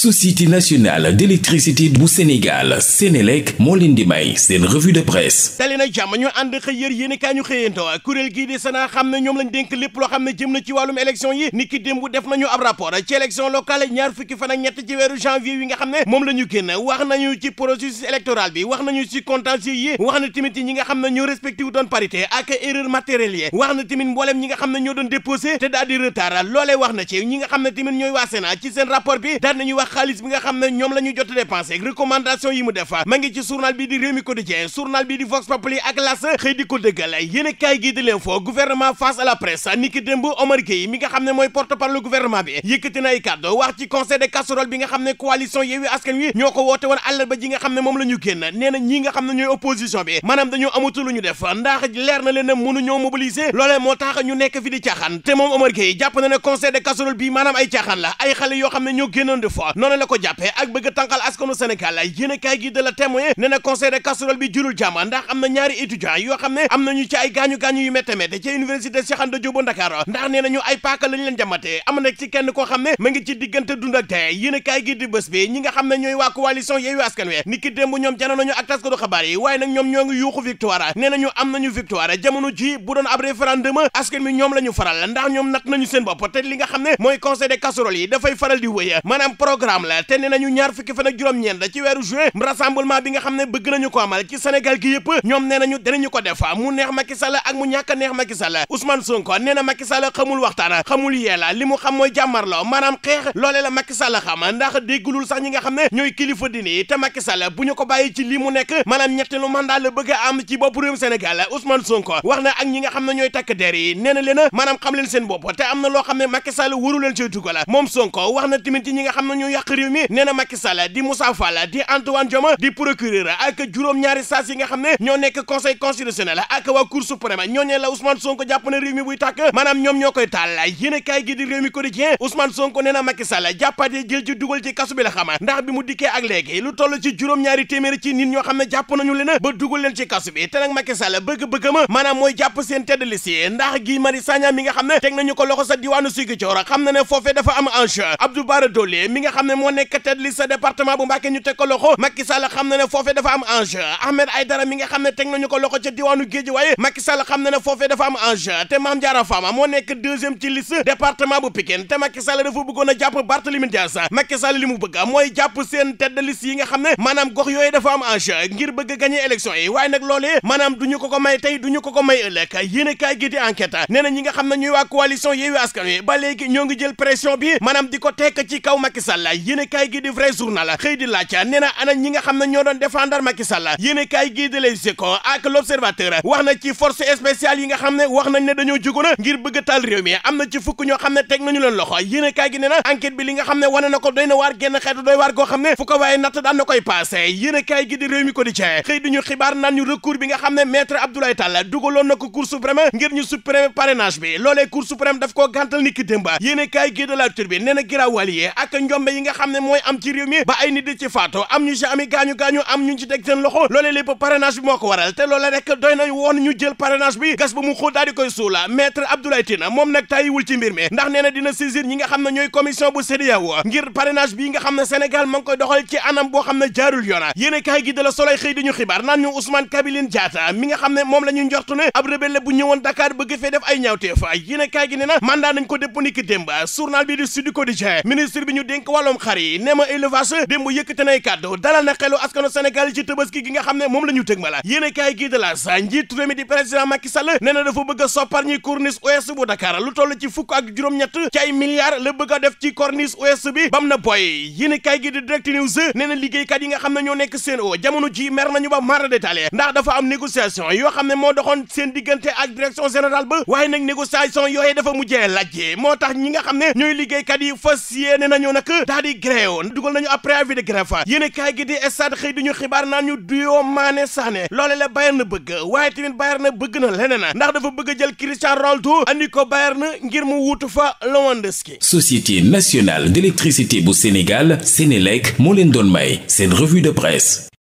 société nationale d'électricité bu Sénégal Sénélec moo leen di may seen revue de presse dali na jàmm ñu ànd xëy yër yéenekaay ñu xëyanto kuréel gii di Sénat xam ne ñoom lañ dénk lépp loo xam ne jëm na ci wàllum élection yi ni ki démb def nañu ab rapport ci élection locale ñaar fukki fan ak ñett ci weeru janvier yi nga xam ne moom la génn wax nañu ci processus électoral bi wax nañu ci contentieux yi wax na tamit ñi nga xam ne ñoo respecté wu doon parité ak na tamit mbooleem nga xam ne ñoo doon déposé nga xam ne tamit ñooy waa Sénat ci xaalis bi nga xam ne ñoom la ñu jot dépensé recommandation yi mu def ma ngi ci journal bi di Rewmi Quotidien journal bi di Vox Populi ak L'As xëy di ko dëggal yéen kaay gi di leen foo gouvernement face à la presse niki démb Omar Gueye mi nga xam ne mooy porte-parole gouvernement bi yëkkati na ay kàddu wax ci conseil de casserole bi nga xam ne coalition Yewwi Askan Wi ñoo ko woote woon àllarba ji nga xam ne moom la ñu génn nee na ñi nga xam ne ñooy ñu def ndax leer na leen ne mënuñoo mobiliser ñu nekk fi di caaxaan te moom Omar Gueye jàpp na ne conseil yoo xam ne ñoo génnoon de noonu la ko jàppee ak bëgg a askanu Sénégal yéen a kaay gi de la témoin ne na conseil de casserole bi jurul jàmm ndax am na ñaari ay paaka lañ leen jamatee am na ci ak dee a xabaar yi waaye nag ñoom ñoo ngi yuuxu victoire nee nañu am nañu victoire jamono ji bu doon ab référendum askan mi ñoom la faral ndax ñoom nat nañu seen bopp te li nga xam ne mooy conseil des casseroles yi dafay faral di wëy programme la te nee nañu ñaar fukki fan ak juróom-ñeent ci weeru juin rassemblement bi nga xam ne bëgg nañu ko amal ci Sénégal gi yëpp ñoom nee nañu danañu ko def mu neex Macky ak mu ñàkk a neex Macky Sall xamul waxtaan xamul yeela li xam mooy jàmmarloo maanaam xeex loolee la Macky Sall xam ndax déggulul sax ñi xam ne ñooy kilifa dini te Macky Sall bu ñu ko bàyyi ci lii mu nekk maanaam ñetteelu mandat la bëgg a am ci bopp réewum ak xam ne ñooy takk der yàq réew mi a ndax bi mu dikkee ak léegi lu toll ci juróom-ñaari téeméeri ci nit ñoo xam ne jàpp nañu leen ba dugal leen ci kasu bi te nag Macky Sall bëgg-bëgg ma maanaam mooy jàpp seen tedd liste ndax Guy Marius Sagna mi nga xam ne teg nañu ko loxo sa diwaanu Ziguinchor xam na ne dafa am enjeu Abdou Bara Dolly mi nga xam ne moo nekk tête liste département bu Mbacké ñu teg ko loxo Macky Sall xam na ne foofee dafa am enjeu Ahmed Aïdara mi nga xam ne teg nañu ko loxo ca diwaanu Guédiawaye Macky Sall xam na ne foofee dafa am enjeu te moo nekk deuxième ci liste département bu Pikine te Macky Sall dafa bëggoon a jàpp Barthélémy Dias Macky li mu bëgg mooy jàpp seen tête de yi nga xam ne maanaam gox yooyu dafa am enjeu ngir bëgg gagner élection yi waaye nag yéen kaay gi di vrai journal xëy di laaj nee na ana ñi nga xam ne ñoo doon défendre Macky Sall yéen kaay gi di Les ak L'Observateur wax na ci force spéciale yi nga xam ne wax nañ ne dañoo jugoon ngir bëgg taal réew mi am na ci fukk ñoo xam ne teg nañu leen loxo yéen kaay gi nee na enquête li nga xam ne wane na ko doy na waar genn xeetu doy waar goo xam ne fu ko waaye daan na koy passé yéen gi di réew ko di cee xëy di ñu xibaar naan ñu recours bi nga xam ne maître Abdoulaye Tall dugaloon na ko cour suprême ngir ñu supprimer parrainage bi loolee cour suprême daf koo gàntal ni ki démba na nga xam ne mooy am ci réew mi ba ay nit di ci faatoo am ñu ci ami gaañu-gaañu am ñu ci teg seen loxo loolee lépp parrainage bi moo ko waral te a rek doy na woon ñu jël parrainage bi gas ba mu xóot daal di koy suula maître Abdoulaye Tine moom nag tàyyiwul ci mbir mi ndax nee na dina saisir ñi nga xam ne ñooy commission bu CEDEAO ngir parrainage bi nga xam ne Sénégal ma ngi koy doxal ci anam boo xam ne jaarul yoona yéene kaay gi de la soloy xëy ñu xibaar naan ñu Ousmane Kabiline Diatta mi nga xam ne moom la ñu njortu ne bu ñëwoon Dakar bëgg fee def ay ñaawteef yéene kaay gi ne na mandat nañ ko dépp niki démb journal bi di Sud Quotidien bi ñu dénk wàllu wàllum xar yi nema élevage démb yëkkate nay kàddu dalal na xelu askanu Sénégal ci tëbaski gi nga xam ne moom la ñu ma la yéene kaay gii de sa njiitu réew di président Macky Sall nee na dafa bëgg a soppar ñi corniche ouest bu Dakar lu toll ci fukk ak juróom-ñett ci ay milliards la bëgg def ci corniche ouest bi bam na boy yéene kaay gii di direct news nee na liggéeykat yi nga xam ne ñoo nekk seen o jamono ji mer nañu ba mara détaillé ndax dafa cas de grève dugal nañu ab préavis de grève yéen i kaay gi di stade xëy di ñu xibaar naan ñu duyoo Mané Sané loole la Bayern na bëgg waaye tamit Bayern na bëgg na leneen ndax dafa bëgg a jël Cristiano Ronaldo andi ko na ngir mu wuutu fa Lewandowski société nationale d'électricité bu Sénégal Sénélec moo leen doon may seen revue de presse